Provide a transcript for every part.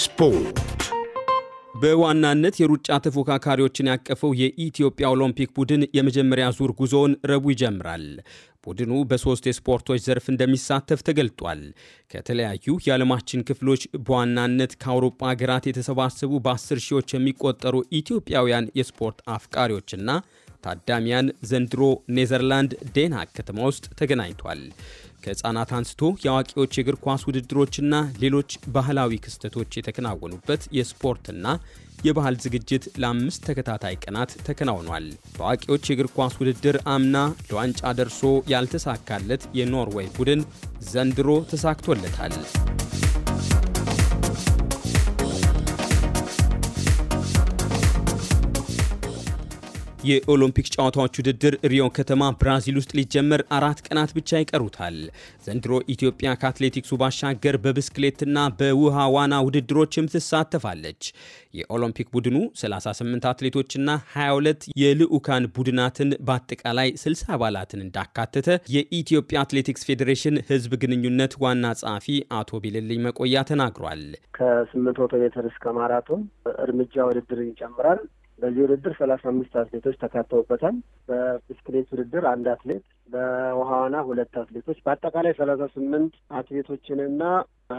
ስፖርት በዋናነት የሩጫ ተፎካካሪዎችን ያቀፈው የኢትዮጵያ ኦሎምፒክ ቡድን የመጀመሪያ ዙር ጉዞውን ረቡ ይጀምራል። ቡድኑ በሶስት የስፖርቶች ዘርፍ እንደሚሳተፍ ተገልጧል። ከተለያዩ የዓለማችን ክፍሎች በዋናነት ከአውሮፓ ሀገራት የተሰባሰቡ በአስር ሺዎች የሚቆጠሩ ኢትዮጵያውያን የስፖርት አፍቃሪዎችና ታዳሚያን ዘንድሮ ኔዘርላንድ ዴንሃክ ከተማ ውስጥ ተገናኝቷል። ከህፃናት አንስቶ የአዋቂዎች የእግር ኳስ ውድድሮችና ሌሎች ባህላዊ ክስተቶች የተከናወኑበት የስፖርትና የባህል ዝግጅት ለአምስት ተከታታይ ቀናት ተከናውኗል። በአዋቂዎች የእግር ኳስ ውድድር አምና ለዋንጫ ደርሶ ያልተሳካለት የኖርዌይ ቡድን ዘንድሮ ተሳክቶለታል። የኦሎምፒክ ጨዋታዎች ውድድር ሪዮ ከተማ ብራዚል ውስጥ ሊጀመር አራት ቀናት ብቻ ይቀሩታል። ዘንድሮ ኢትዮጵያ ከአትሌቲክሱ ባሻገር በብስክሌትና በውሃ ዋና ውድድሮችም ትሳተፋለች። የኦሎምፒክ ቡድኑ 38 አትሌቶችና 22 የልዑካን ቡድናትን በአጠቃላይ 60 አባላትን እንዳካተተ የኢትዮጵያ አትሌቲክስ ፌዴሬሽን ሕዝብ ግንኙነት ዋና ጸሐፊ አቶ ቢልልኝ መቆያ ተናግሯል። ከ800 ሜትር እስከ ማራቶን እርምጃ ውድድር ይጨምራል። በዚህ ውድድር ሰላሳ አምስት አትሌቶች ተካተውበታል። በብስክሌት ውድድር አንድ አትሌት፣ በውሃ ዋና ሁለት አትሌቶች በአጠቃላይ ሰላሳ ስምንት አትሌቶችንና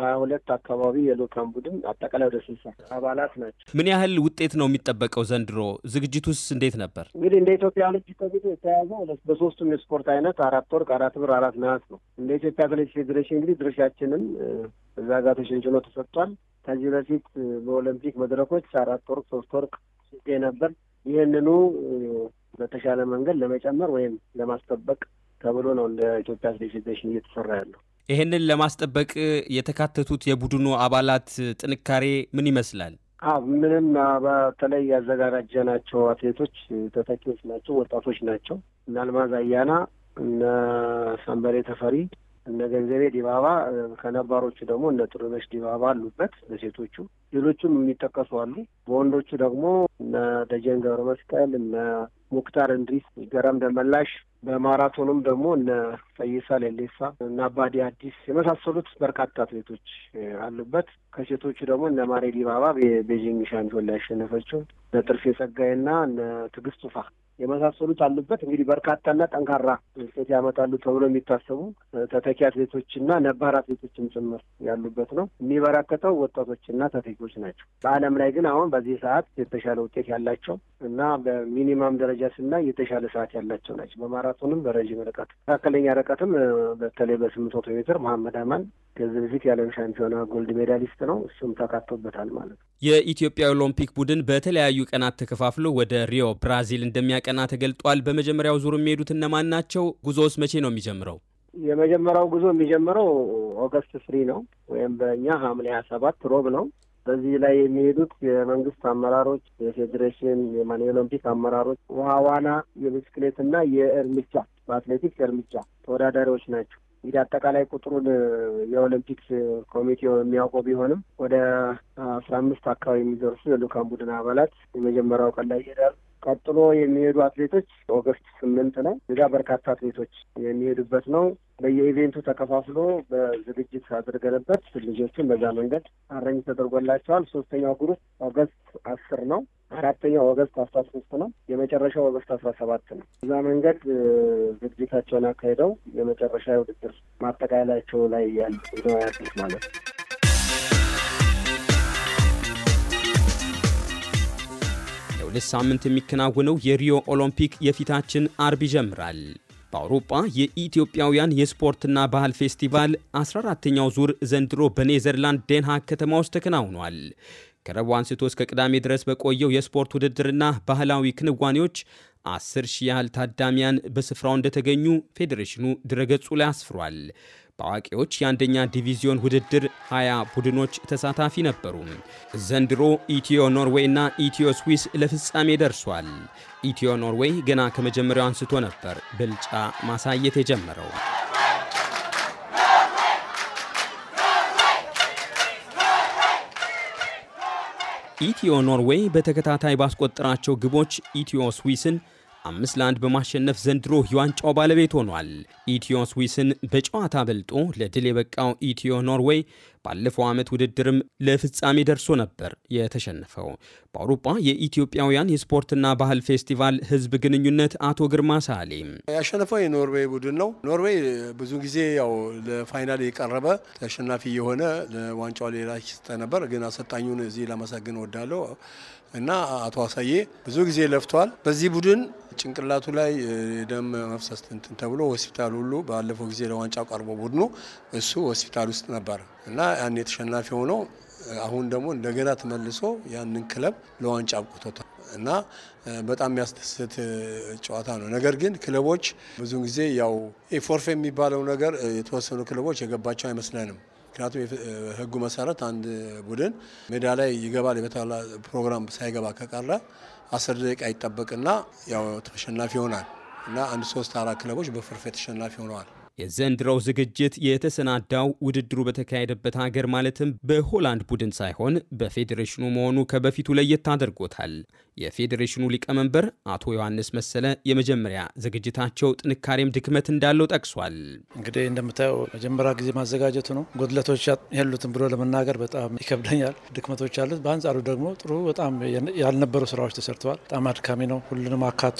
ሀያ ሁለት አካባቢ የልዑካን ቡድን አጠቃላይ ወደ ስልሳ አባላት ናቸው። ምን ያህል ውጤት ነው የሚጠበቀው ዘንድሮ? ዝግጅቱስ እንዴት ነበር? እንግዲህ እንደ ኢትዮጵያ ኦሎምፒክ ኮሚቴ የተያዘው በሶስቱም የስፖርት አይነት አራት ወርቅ፣ አራት ብር፣ አራት ነሐስ ነው። እንደ ኢትዮጵያ አትሌቲክስ ፌዴሬሽን እንግዲህ ድርሻችንም እዛ ጋር ተሸንሽኖ ተሰጥቷል። ከዚህ በፊት በኦሎምፒክ መድረኮች አራት ወርቅ፣ ሶስት ወርቅ ጊዜ ነበር። ይህንኑ በተሻለ መንገድ ለመጨመር ወይም ለማስጠበቅ ተብሎ ነው እንደ ኢትዮጵያ አትሌቲክስ ፌዴሬሽን እየተሰራ ያለው። ይህንን ለማስጠበቅ የተካተቱት የቡድኑ አባላት ጥንካሬ ምን ይመስላል? ምንም በተለይ ያዘጋጃናቸው አትሌቶች ተተኪዎች ናቸው፣ ወጣቶች ናቸው። እነ አልማዝ አያና፣ እነ ሰንበሬ ተፈሪ፣ እነ ገንዘቤ ዲባባ ከነባሮቹ ደግሞ እነ ጥሩነሽ ዲባባ አሉበት በሴቶቹ ሌሎቹም የሚጠቀሱ አሉ። በወንዶቹ ደግሞ እነ ደጀን ገብረ መስቀል እነ ሙክታር እንድሪስ፣ ገረም ደመላሽ በማራቶንም ደግሞ እነ ፈይሳ ሌሌሳ እና አባዲ አዲስ የመሳሰሉት በርካታ አትሌቶች አሉበት። ከሴቶቹ ደግሞ እነ ማሬ ዲባባ ቤጂንግ ሻምፒዮን ላይ ያሸነፈችው እነ ጥርፌ ጸጋዬ እና እነ ትዕግስት ቱፋ የመሳሰሉት አሉበት። እንግዲህ በርካታና ጠንካራ ውጤት ያመጣሉ ተብሎ የሚታሰቡ ተተኪ አትሌቶችና ነባር አትሌቶችም ጭምር ያሉበት ነው። የሚበረከተው ወጣቶችና ተተኪዎች ናቸው። በዓለም ላይ ግን አሁን በዚህ ሰዓት የተሻለ ውጤት ያላቸው እና በሚኒማም ደረጃ ስናይ የተሻለ ሰዓት ያላቸው ናቸው። በማራቶንም በረዥም ርቀት መካከለኛ ርቀትም በተለይ በስምንት መቶ ሜትር መሐመድ አማን ከዚህ በፊት የዓለም ሻምፒዮና ጎልድ ሜዳሊስት ነው። እሱም ተካቶበታል ማለት ነው። የኢትዮጵያ ኦሎምፒክ ቡድን በተለያዩ ቀናት ተከፋፍሎ ወደ ሪዮ ብራዚል እንደሚያ ቀና ተገልጧል። በመጀመሪያው ዙር የሚሄዱት እነማን ናቸው? ጉዞውስ መቼ ነው የሚጀምረው? የመጀመሪያው ጉዞ የሚጀምረው ኦገስት ፍሪ ነው ወይም በእኛ ሐምሌ ሀያ ሰባት ሮብ ነው። በዚህ ላይ የሚሄዱት የመንግስት አመራሮች፣ የፌዴሬሽን የኦሎምፒክ አመራሮች፣ ውሃ ዋና፣ ና የእርምጃ በአትሌቲክስ እርምጃ ተወዳዳሪዎች ናቸው። እንግዲህ አጠቃላይ ቁጥሩን የኦሎምፒክስ ኮሚቴው የሚያውቀው ቢሆንም ወደ አስራ አምስት አካባቢ የሚደርሱ የልዑካን ቡድን አባላት የመጀመሪያው ቀን ላይ ይሄዳሉ። ቀጥሎ የሚሄዱ አትሌቶች ኦገስት ስምንት ነው። እዛ በርካታ አትሌቶች የሚሄዱበት ነው። በየኢቬንቱ ተከፋፍሎ በዝግጅት አድርገንበት ልጆችን በዛ መንገድ አረኝ ተደርጎላቸዋል። ሶስተኛው ግሩፕ ኦገስት አስር ነው። አራተኛው ኦገስት አስራ ሶስት ነው። የመጨረሻው ኦገስት አስራ ሰባት ነው። እዛ መንገድ ዝግጅታቸውን አካሂደው የመጨረሻ ውድድር ማጠቃለያቸው ላይ ያሉ ነው ያሉት ማለት ነው። በሁለት ሳምንት የሚከናወነው የሪዮ ኦሎምፒክ የፊታችን አርብ ይጀምራል። በአውሮፓ የኢትዮጵያውያን የስፖርትና ባህል ፌስቲቫል 14ተኛው ዙር ዘንድሮ በኔዘርላንድ ዴንሃግ ከተማ ውስጥ ተከናውኗል። ከረቡ አንስቶ እስከ ቅዳሜ ድረስ በቆየው የስፖርት ውድድርና ባህላዊ ክንዋኔዎች 10 ሺህ ያህል ታዳሚያን በስፍራው እንደተገኙ ፌዴሬሽኑ ድረገጹ ላይ አስፍሯል። በአዋቂዎች የአንደኛ ዲቪዚዮን ውድድር 20 ቡድኖች ተሳታፊ ነበሩ። ዘንድሮ ኢትዮ ኖርዌይ እና ኢትዮ ስዊስ ለፍጻሜ ደርሷል። ኢትዮ ኖርዌይ ገና ከመጀመሪያው አንስቶ ነበር ብልጫ ማሳየት የጀመረው። ኢትዮ ኖርዌይ በተከታታይ ባስቆጠራቸው ግቦች ኢትዮ ስዊስን አምስት ለአንድ በማሸነፍ ዘንድሮ የዋንጫው ባለቤት ሆኗል። ኢትዮ ስዊስን በጨዋታ በልጦ ለድል የበቃው ኢትዮ ኖርዌይ ባለፈው ዓመት ውድድርም ለፍጻሜ ደርሶ ነበር የተሸነፈው። በአውሮፓ የኢትዮጵያውያን የስፖርትና ባህል ፌስቲቫል ህዝብ ግንኙነት አቶ ግርማ ሳሌ ያሸነፈው የኖርዌይ ቡድን ነው። ኖርዌይ ብዙ ጊዜ ያው ለፋይናል የቀረበ ተሸናፊ የሆነ ለዋንጫው ሌላ ሲሰጠ ነበር፣ ግን አሰልጣኙን እዚህ ለማመስገን ወዳለው እና አቶ አሳዬ ብዙ ጊዜ ለፍቷል። በዚህ ቡድን ጭንቅላቱ ላይ የደም መፍሰስ እንትን ተብሎ ሆስፒታል ሁሉ ባለፈው ጊዜ ለዋንጫ ቀርቦ ቡድኑ እሱ ሆስፒታል ውስጥ ነበር እና ያን ተሸናፊ ሆኖ አሁን ደግሞ እንደገና ተመልሶ ያንን ክለብ ለዋንጫ አብቅቶታል እና በጣም የሚያስደስት ጨዋታ ነው። ነገር ግን ክለቦች ብዙ ጊዜ ያው ኢፎርፌ የሚባለው ነገር የተወሰኑ ክለቦች የገባቸው አይመስለንም። ምክንያቱም ሕጉ መሰረት አንድ ቡድን ሜዳ ላይ ይገባል የበታላ ፕሮግራም ሳይገባ ከቀረ አስር ደቂቃ ይጠበቅና ያው ተሸናፊ ይሆናል እና አንድ ሶስት አራት ክለቦች በፎርፌ ተሸናፊ ሆነዋል። የዘንድሮው ዝግጅት የተሰናዳው ውድድሩ በተካሄደበት ሀገር ማለትም በሆላንድ ቡድን ሳይሆን በፌዴሬሽኑ መሆኑ ከበፊቱ ለየት አድርጎታል። የፌዴሬሽኑ ሊቀመንበር አቶ ዮሐንስ መሰለ የመጀመሪያ ዝግጅታቸው ጥንካሬም ድክመት እንዳለው ጠቅሷል። እንግዲህ እንደምታየው መጀመሪያ ጊዜ ማዘጋጀቱ ነው። ጎድለቶች ያሉትን ብሎ ለመናገር በጣም ይከብደኛል። ድክመቶች አሉት። በአንጻሩ ደግሞ ጥሩ በጣም ያልነበሩ ስራዎች ተሰርተዋል። በጣም አድካሚ ነው። ሁሉንም አካቶ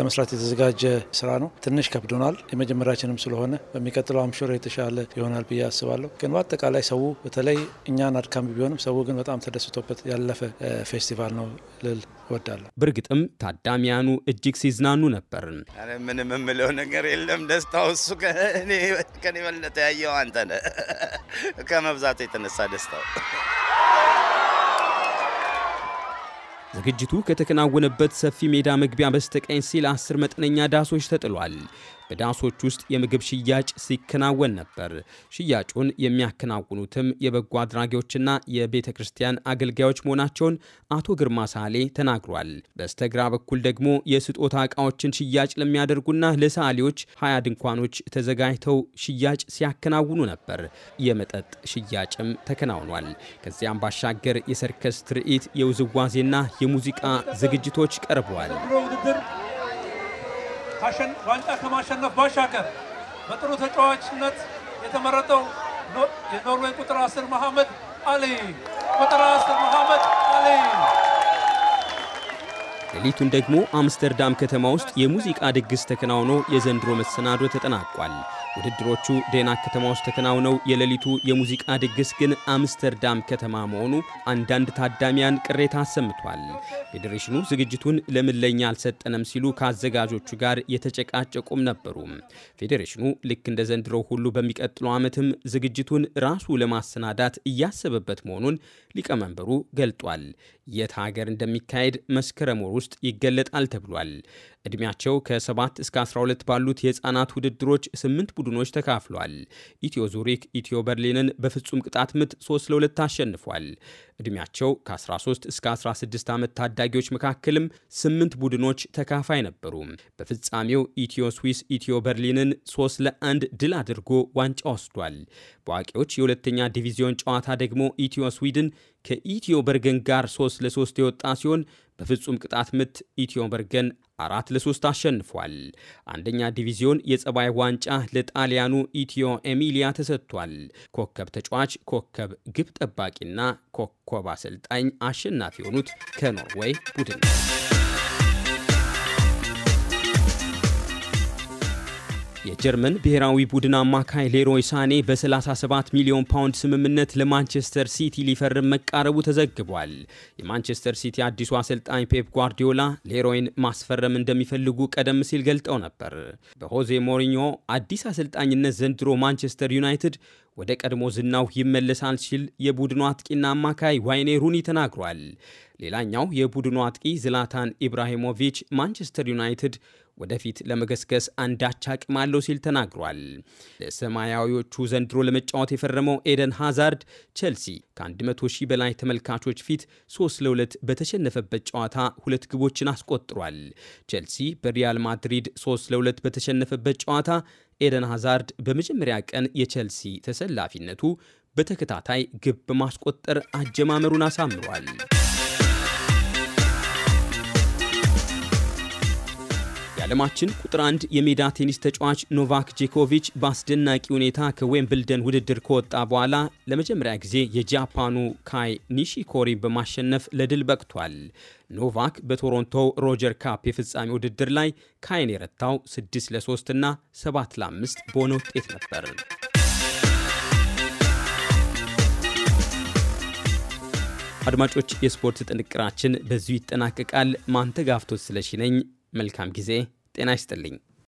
ለመስራት የተዘጋጀ ስራ ነው። ትንሽ ከብዶናል። የመጀመሪያችንም ስለሆነ ስለሆነ በሚቀጥለው አምሾር የተሻለ ይሆናል ብዬ አስባለሁ። ግን በአጠቃላይ ሰው በተለይ እኛን አድካሚ ቢሆንም ሰው ግን በጣም ተደስቶበት ያለፈ ፌስቲቫል ነው ልል እወዳለሁ። በእርግጥም ታዳሚያኑ እጅግ ሲዝናኑ ነበር። ምንም የምለው ነገር የለም። ደስታው እሱ ከኔ በለጠ ያየው አንተ ነህ። ከመብዛቱ የተነሳ ደስታው ዝግጅቱ ከተከናወነበት ሰፊ ሜዳ መግቢያ በስተቀኝ ሲል አስር መጠነኛ ዳሶች ተጥሏል። በዳሶች ውስጥ የምግብ ሽያጭ ሲከናወን ነበር። ሽያጩን የሚያከናውኑትም የበጎ አድራጊዎችና የቤተ ክርስቲያን አገልጋዮች መሆናቸውን አቶ ግርማ ሳሌ ተናግሯል። በስተግራ በኩል ደግሞ የስጦታ እቃዎችን ሽያጭ ለሚያደርጉና ለሳሌዎች ሀያ ድንኳኖች ተዘጋጅተው ሽያጭ ሲያከናውኑ ነበር። የመጠጥ ሽያጭም ተከናውኗል። ከዚያም ባሻገር የሰርከስ ትርኢት፣ የውዝዋዜና የሙዚቃ ዝግጅቶች ቀርበዋል። ዋንጫ ከማሸነፍ ባሻገር በጥሩ ተጫዋችነት የተመረጠው የኖርዌይ ቁጥር 10 መሐመድ አሊ ቁጥር 10 መሐመድ አሊ። ሌሊቱን ደግሞ አምስተርዳም ከተማ ውስጥ የሙዚቃ ድግስ ተከናውኖ የዘንድሮ መሰናዶ ተጠናቋል። ውድድሮቹ ዴናክ ከተማ ውስጥ ተከናውነው የሌሊቱ የሙዚቃ ድግስ ግን አምስተርዳም ከተማ መሆኑ አንዳንድ ታዳሚያን ቅሬታ አሰምቷል። ፌዴሬሽኑ ዝግጅቱን ለምን ለኛ አልሰጠንም ሲሉ ከአዘጋጆቹ ጋር የተጨቃጨቁም ነበሩ። ፌዴሬሽኑ ልክ እንደ ዘንድሮ ሁሉ በሚቀጥለው ዓመትም ዝግጅቱን ራሱ ለማሰናዳት እያሰበበት መሆኑን ሊቀመንበሩ ገልጧል። የት ሀገር እንደሚካሄድ መስከረም ወር ውስጥ ይገለጣል ተብሏል። ዕድሜያቸው ከ7 እስከ 12 ባሉት የህፃናት ውድድሮች ስምንት ቡድኖች ተካፍሏል። ኢትዮ ዙሪክ ኢትዮ በርሊንን በፍጹም ቅጣት ምት 3 ለ2 አሸንፏል። ዕድሜያቸው ከ13 እስከ 16 ዓመት ታዳጊዎች መካከልም ስምንት ቡድኖች ተካፋይ ነበሩ። በፍጻሜው ኢትዮ ስዊስ ኢትዮ በርሊንን 3 ለ1 ድል አድርጎ ዋንጫ ወስዷል። በአዋቂዎች የሁለተኛ ዲቪዚዮን ጨዋታ ደግሞ ኢትዮ ስዊድን ከኢትዮ በርገን ጋር 3 ለ3 የወጣ ሲሆን በፍጹም ቅጣት ምት ኢትዮ በርገን አራት ለሶስት አሸንፏል። አንደኛ ዲቪዚዮን የጸባይ ዋንጫ ለጣሊያኑ ኢትዮ ኤሚሊያ ተሰጥቷል። ኮከብ ተጫዋች፣ ኮከብ ግብ ጠባቂና ኮከብ አሰልጣኝ አሸናፊ የሆኑት ከኖርዌይ ቡድን ነው። የጀርመን ብሔራዊ ቡድን አማካይ ሌሮይ ሳኔ በ37 ሚሊዮን ፓውንድ ስምምነት ለማንቸስተር ሲቲ ሊፈርም መቃረቡ ተዘግቧል። የማንቸስተር ሲቲ አዲሱ አሰልጣኝ ፔፕ ጓርዲዮላ ሌሮይን ማስፈረም እንደሚፈልጉ ቀደም ሲል ገልጠው ነበር። በሆዜ ሞሪኞ አዲስ አሰልጣኝነት ዘንድሮ ማንቸስተር ዩናይትድ ወደ ቀድሞ ዝናው ይመለሳል ሲል የቡድኑ አጥቂና አማካይ ዋይኔ ሩኒ ተናግሯል። ሌላኛው የቡድኑ አጥቂ ዝላታን ኢብራሂሞቪች ማንቸስተር ዩናይትድ ወደፊት ለመገስገስ አንዳች አቅም አለው ሲል ተናግሯል። ለሰማያዊዎቹ ዘንድሮ ለመጫወት የፈረመው ኤደን ሃዛርድ ቼልሲ ከ100 ሺህ በላይ ተመልካቾች ፊት 3 ለሁለት በተሸነፈበት ጨዋታ ሁለት ግቦችን አስቆጥሯል። ቼልሲ በሪያል ማድሪድ 3 ለሁለት በተሸነፈበት ጨዋታ ኤደን ሃዛርድ በመጀመሪያ ቀን የቼልሲ ተሰላፊነቱ በተከታታይ ግብ በማስቆጠር አጀማመሩን አሳምሯል። የዓለማችን ቁጥር አንድ የሜዳ ቴኒስ ተጫዋች ኖቫክ ጄኮቪች በአስደናቂ ሁኔታ ከዌምብልደን ውድድር ከወጣ በኋላ ለመጀመሪያ ጊዜ የጃፓኑ ካይ ኒሺኮሪ በማሸነፍ ለድል በቅቷል። ኖቫክ በቶሮንቶ ሮጀር ካፕ የፍጻሜ ውድድር ላይ ካይን የረታው 6 ለ3 እና 7 ለ5 በሆነ ውጤት ነበር። አድማጮች፣ የስፖርት ጥንቅራችን በዚሁ ይጠናቀቃል። ማንተጋፍቶት ስለሺ ነኝ። መልካም ጊዜ። ጤና ይስጥልኝ።